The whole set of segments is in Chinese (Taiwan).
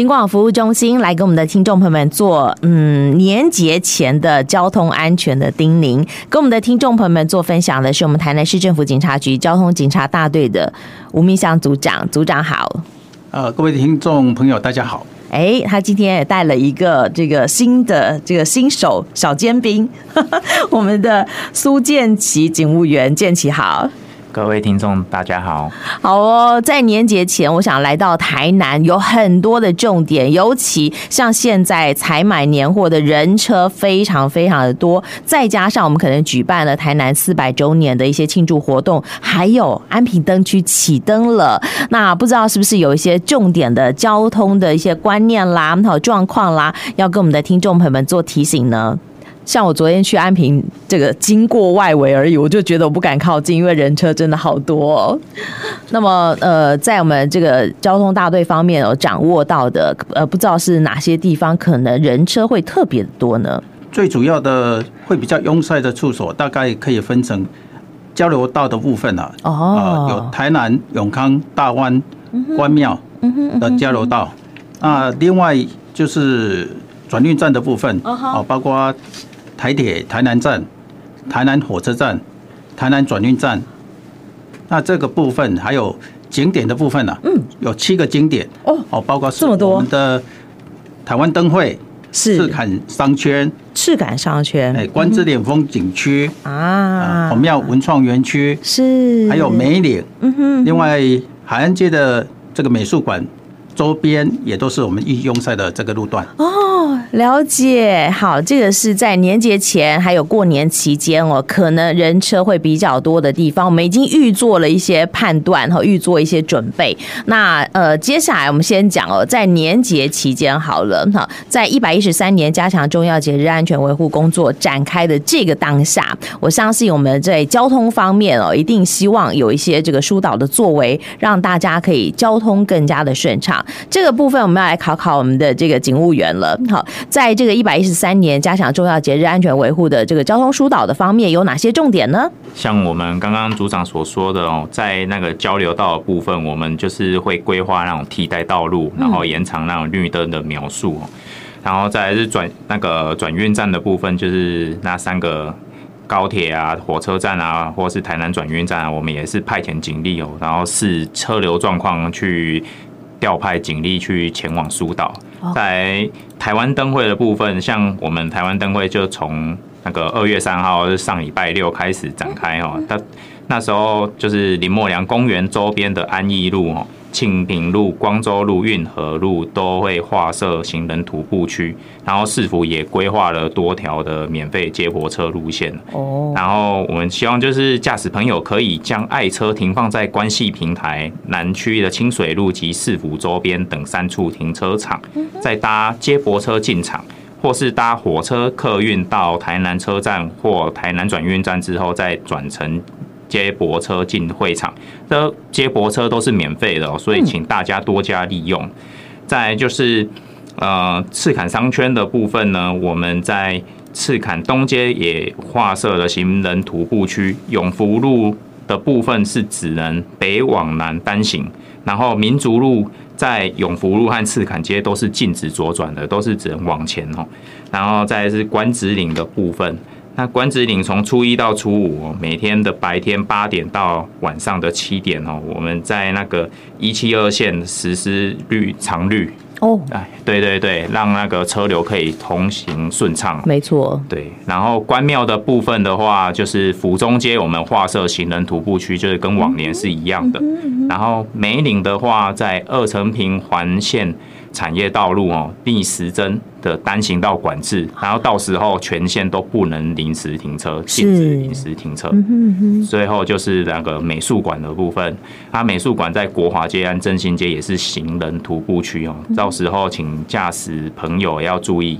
警廣服務中心來給我們的聽眾朋友們做嗯年節前的交通安全的叮嚀，跟我們的聽眾朋友們做分享的是我們台南市政府警察局交通警察大隊的吳銘祥組長，組長好。呃，各位聽眾朋友大家好。哎、欸，他今天也帶了一個這個新的這個新手小尖兵， 我們的蘇健棋警務員，健棋好。各位聽眾，大家好！好哦，在年節前，我想來到台南有很多的重點，尤其像現在採買年貨的人車非常非常的多，再加上我們可能舉辦了台南四百週年的一些慶祝活動，還有安平燈區啟燈了。那不知道是不是有一些重點的交通的一些觀念啦，還有狀況啦，要跟我們的聽眾朋友們做提醒呢？像我昨天去安平，這個經過外圍而已，我就覺得我不敢靠近，因為人車真的好多，哦。那麼，呃，在我們這個交通大隊方面有、呃、掌握到的，呃，不知道是哪些地方可能人車會特別多呢？最主要的會比較擁塞的處所，大概可以分成交流道的部分啊，哦、呃，有台南、永康、大灣、嗯、哼關廟的交流道，那、嗯嗯嗯嗯呃、另外就是轉運站的部分，啊、哦哈呃，包括。台鐵台南站，台南火車站、台南轉運站，那這個部分還有景點的部分呢，啊？嗯，有七個景點哦，哦，包括我們的台灣燈會、是赤崁商圈、赤崁商圈、哎，關子嶺風景區啊，孔廟文創園區是，還有梅嶺，嗯哼，另外海安街的這個美術館。周邊也都是我們易擁塞的這個路段哦。了解。好，這個是在年節前還有過年期間哦，可能人車會比較多的地方，我們已經預做了一些判斷和預做一些準備。那呃，接下來我們先講哦，在年節期間好了，哈，在一百一十三年加強重要節日安全維護工作展開的這個當下，我相信我們在交通方面哦，一定希望有一些這個疏導的作為，讓大家可以交通更加的順暢。這個部分我們要來考考我們的這個警務員了。好，在這個一百一十三年加強重要節日安全維護的這個交通疏導的方面，有哪些重點呢？像我們剛剛組長所說的哦，在那個交流道的部分，我們就是會規劃那種替代道路，然後延長那種綠燈的秒數、哦。嗯、然後再是轉那個轉運站的部分，就是那三個高鐵啊、火車站啊，或是台南轉運站、啊，我們也是派遣警力哦，然後視車流狀況去。調派警力去前往疏導。在臺灣燈會的部分，像我們臺灣燈會就從那個二月三號，就是、上禮拜六開始展開哦、嗯嗯嗯喔。那時候就是林默娘公園周邊的安億路哦。慶平路、光州路、運河路都會劃設行人徒步區，然後市府也規劃了多條的免費接駁車路線。哦，然後我們希望就是駕駛朋友可以將愛車停放在關係平台南區的清水路及市府周邊等三處停車場，再搭接駁車進場，或是搭火車客運到台南車站或台南轉運站之後再轉乘。接駁車進會場，接駁車都是免費的，喔，所以請大家多加利用。再、嗯、就是呃赤崁商圈的部分呢，我們在赤崁東街也劃設了行人徒步區。永福路的部分是只能北往南單行，然後民族路在永福路和赤崁街都是禁止左轉的，都是只能往前，哦，喔。然後再是關子嶺的部分。那關子嶺從初一到初五，每天的白天八點到晚上的七點哦，我們在那個一七二線實施綠、常綠哦，哎，對對對，讓那個車流可以通行順暢，沒錯 錯，對。然後關廟的部分的話，就是府中街我們劃設行人徒步區，就是跟往年是一樣的。然後梅嶺的話，在二層坪環線。產業道路哦，逆時針的單行道管制，然後到時候全線都不能臨時停車，禁止臨時停車。嗯哼，嗯哼，最後就是那個美術館的部分，它美術館在國華街和正興街，也是行人徒步區哦，嗯、哼到時候請駕駛朋友要注意。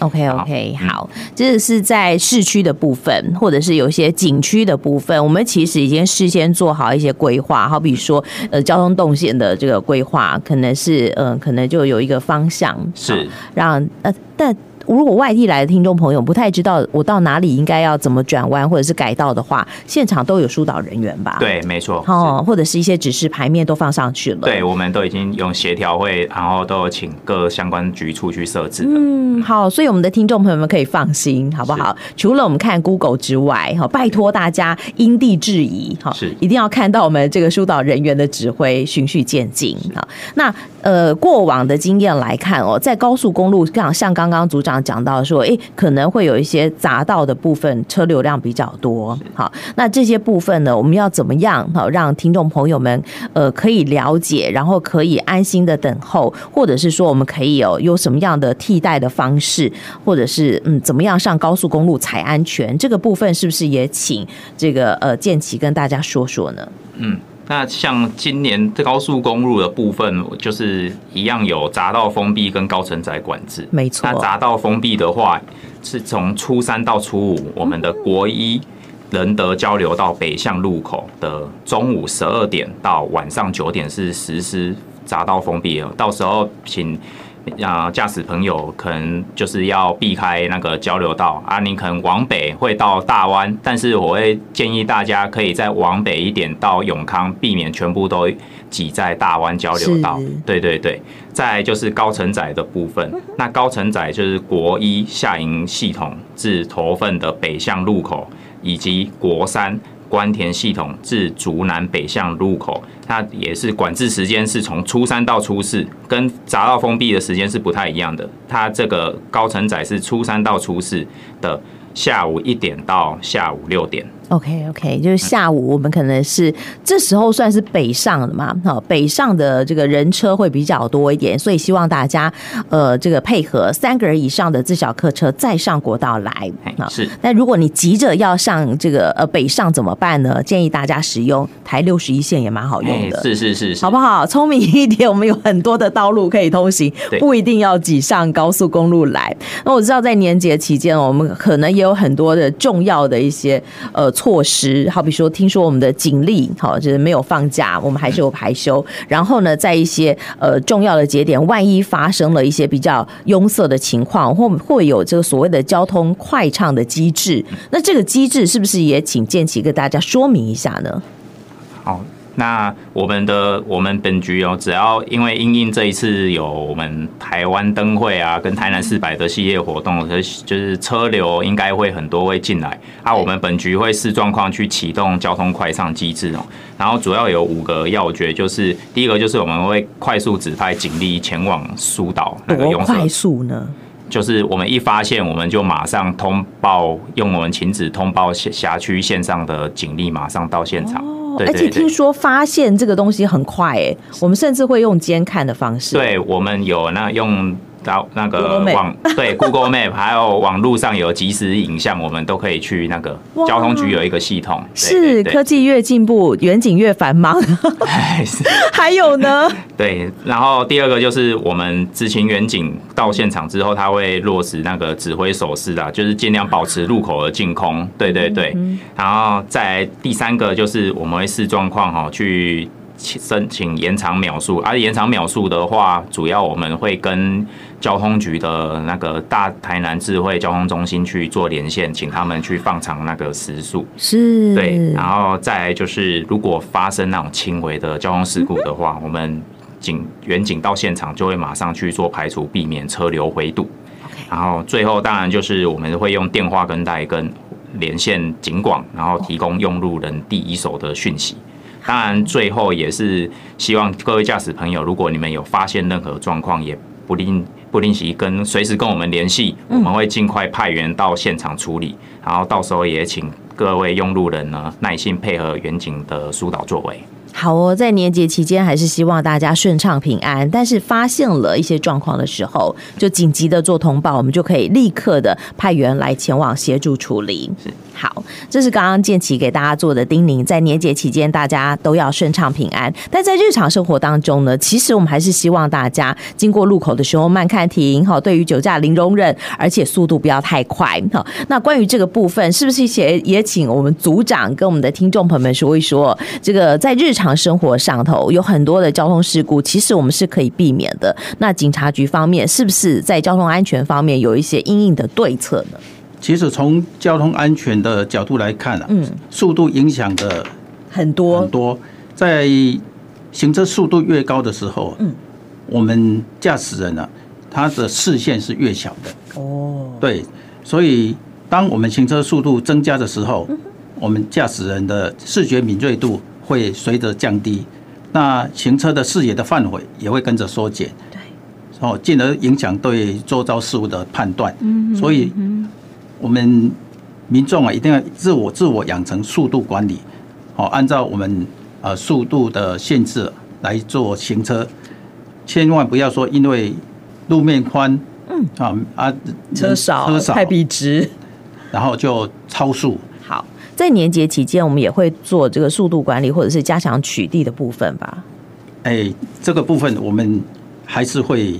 OK，OK，好，這是在市區的部分，或者是有些景區的部分，我們其實已經事先做好一些規劃，好比，比如說呃，交通動線的這個規劃，可能是嗯、呃，可能就有一個方向，是讓呃，但。如果外地來的聽眾朋友不太知道我到哪裡應該要怎麼轉彎或者是改道的話，現場都有疏導人員吧？對，沒錯。哦，或者是一些指示牌面都放上去了。對，我們都已經用協調會，然後都有請各相關局處去設置。嗯，好，所以我們的聽眾朋友們可以放心，好不好？是除了我們看 Google 之外，哈，拜託大家因地制宜，哈，是一定要看到我們這個疏導人員的指揮，循序漸進啊。是那呃，過往的經驗來看哦，在高速公路，像像剛剛組長。講到說，誒，可能會有一些匝道的部分車流量比較多，是好，那這些部分呢，我們要怎麼樣好、哦、讓聽眾朋友們呃可以了解，然後可以安心的等候，或者是說我們可以有、哦、有什麼樣的替代的方式，或者是嗯怎麼樣上高速公路才安全？這個部分是不是也請這個呃健棋跟大家說說呢？嗯。那像今年這高速公路的部分，就是一樣有匝道封閉跟高乘載管制。沒錯，那匝道封閉的話，是從初三到初五，我們的國一仁德交流道北向路口的中午十二點到晚上九點是實施匝道封閉哦。到時候請。啊，駕駛、呃、朋友可能就是要避開那個交流道啊，你可能往北會到大灣，但是我會建議大家可以再往北一點到永康，避免全部都擠在大灣交流道。是對對對，再來就是高乘載的部分，那高乘載就是國一下營系統至頭份的北向入口以及國三。關田系統至竹南北向入口，它也是管制時間是從初三到初四，跟匝道封閉的時間是不太一樣的。它這個高乘載是初三到初四的下午一點到下午六點。OK，OK，okay, okay, 就是下午我們可能是這時候算是北上了嘛，好，北上的這個人車會比較多一點，所以希望大家呃這個配合三個人以上的自小客車再上國道來啊。是，那如果你急着要上這個呃北上怎麼辦呢？建議大家使用台六十一線也蠻好用的，hey, 是是是，是，好不好？聰明一點，我們有很多的道路可以通行，不一定要擠上高速公路來。那我知道在年節期間，我們可能也有很多的重要的一些呃。措施，好比說，聽說我們的警力，好就是沒有放假，我們還是有排休。嗯、然後呢，在一些呃重要的節點，萬一發生了一些比較擁塞的情況，或會有這個所謂的交通快暢的機制，那這個機制是不是也請健棋跟大家說明一下呢？好。那我們的我們本局哦，只要因為因應這一次有我們台灣燈會啊，跟台南四百的系列活動，就是車流應該會很多會進來啊，我們本局會視狀況去啟動交通快暢機制哦。然後主要有五個要訣，就是第一個就是我們會快速指派警力前往疏導那個壅塞。快速呢，就是我們一發現，我們就馬上通報，用我們勤指通報轄轄區線上的警力，馬上到現場。而且聽說發現這個東西很快誒、欸，我們甚至會用監看的方式。對，我們有那用。到那個網，對 Google Map， Google Map，還有網路上有即時影像，我們都可以去那個交通局有一個系統。是科技越進步，員警越繁忙。 還有呢？ 對，然後第二個就是我們執勤員警到現場之後，他會落實那個指揮手勢、啊、就是盡量保持路口的淨空。對對對，然後再來第三個就是我們會視狀況哈、哦、去。申請,請延長秒數，而、啊、延長秒數的話，主要我們會跟交通局的那個大台南智慧交通中心去做連線，請他們去放長那個時速，是，對。然後再來就是，如果發生那種輕微的交通事故的話，我們警員警到現場就會馬上去做排除，避免車流回堵。Okay. 然後最後當然就是我們會用電話跟帶跟連線警廣，然後提供用路人第一手的訊息。Oh. 當然，最後也是希望各位駕駛朋友，如果你們有發現任何狀況，也不吝不吝惜，跟隨時跟我們聯繫，嗯、我們會盡快派員到現場處理。然後到時候也請各位用路人呢耐心，配合員警的疏導作為。好哦，在年節期間，還是希望大家順暢平安。但是發現了一些狀況的時候，就緊急的做通報，我們就可以立刻的派員來前往協助處理。好，這是剛剛健棋給大家做的叮嚀，在年節期間大家都要順暢平安。但在日常生活當中呢，其實我們還是希望大家經過路口的時候慢看停，哈，對於酒駕零容忍，而且速度不要太快，哈。那關於這個部分，是不是也也請我們組長跟我們的聽眾朋友們說一說？這個在日常。常生活上頭有很多的交通事故，其實我們是可以避免的。那警察局方面是不是在交通安全方面有一些因應的對策呢？其實從交通安全的角度來看啊，嗯，速度影響的很多很多，在行車速度越高的時候，嗯，我們駕駛人呢、啊，他的視線是越小的哦，對，所以當我們行車速度增加的時候，嗯、哼我們駕駛人的視覺敏銳度。會隨着降低，那行車的視野的範圍也會跟着縮減，對，哦，進而影響對周遭事物的判斷。嗯、哼所以，我們民眾啊，一定要自我自我養成速度管理，按照我們呃速度的限制來做行車，千萬不要說因為路面寬，啊、嗯、啊，車少車少太筆直，然後就超速。在年節期間，我們也會做這個速度管理，或者是加強取締的部分吧。哎，這個部分我們還是會。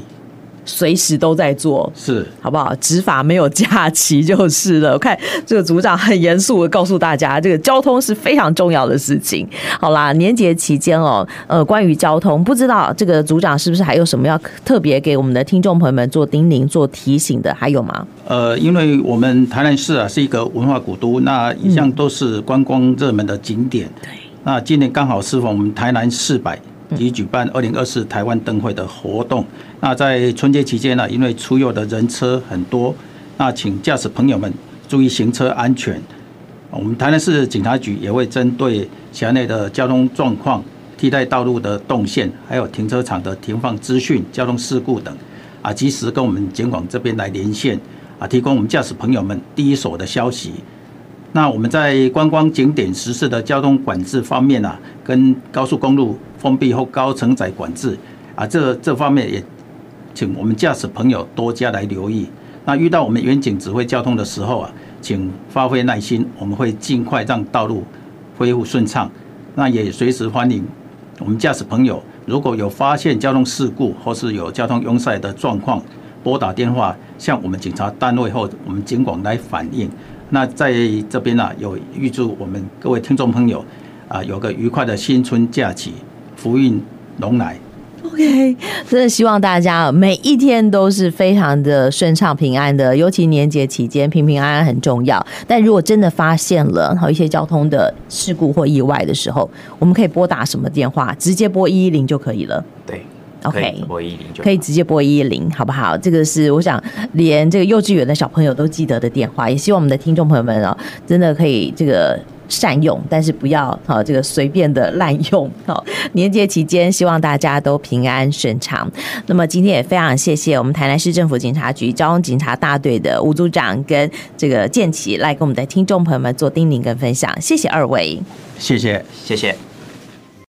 隨時都在做，是，好不好？執法沒有假期就是了。我看這個組長很嚴肅的告訴大家，這個交通是非常重要的事情。好啦，年節期間哦，呃，關於交通，不知道這個組長是不是還有什麼要特別給我們的聽眾朋友們做叮嚀、做提醒的？還有嗎？呃，因為我們台南市啊是一個文化古都，那一向都是觀光熱門的景點。對、嗯，那今年剛好適逢我們台南400。及舉辦二零二四台灣燈會的活動。那在春節期間呢、啊，因為出遊的人車很多，那請駕駛朋友們注意行車安全。我們台南市警察局也會針對轄內的交通狀況、替代道路的動線、還有停車場的停放資訊、交通事故等，啊，及時跟我們警廣這邊來連線，啊，提供我們駕駛朋友們第一手的消息。那我們在觀光景點實施的交通管制方面呢、啊，跟高速公路。封閉或高承載管制啊，這這方面也請我們駕駛朋友多加來留意。那遇到我們員警指揮交通的時候啊，請發揮耐心，我們會盡快讓道路恢復順暢。那也隨時歡迎我們駕駛朋友，如果有發現交通事故或是有交通擁塞的狀況，撥打電話向我們警察單位或我們警廣來反映。那在這邊呢、啊，有預祝我們各位聽眾朋友啊，有個愉快的新春假期。福運龍來，OK，真的希望大家每一天都是非常的順暢平安的，尤其年節期間，平平安安很重要。但如果真的發現了好一些交通的事故或意外的時候，我們可以撥打什麼電話？直接撥一一零就可以了。對，OK，可以撥一一零，可以直接撥一一零，110，好不好？這個是我想連這個幼稚園的小朋友都記得的電話，也希望我們的聽眾朋友們，哦，真的可以這個。善用，但是不要哈、哦、這個隨便的濫用哈、哦。年節期間，希望大家都平安順暢。那麼今天也非常謝謝我們台南市政府警察局交通警察大隊的吳組長跟這個健棋來跟我們的聽眾朋友們做叮嚀跟分享，謝謝二位，謝謝謝謝。謝謝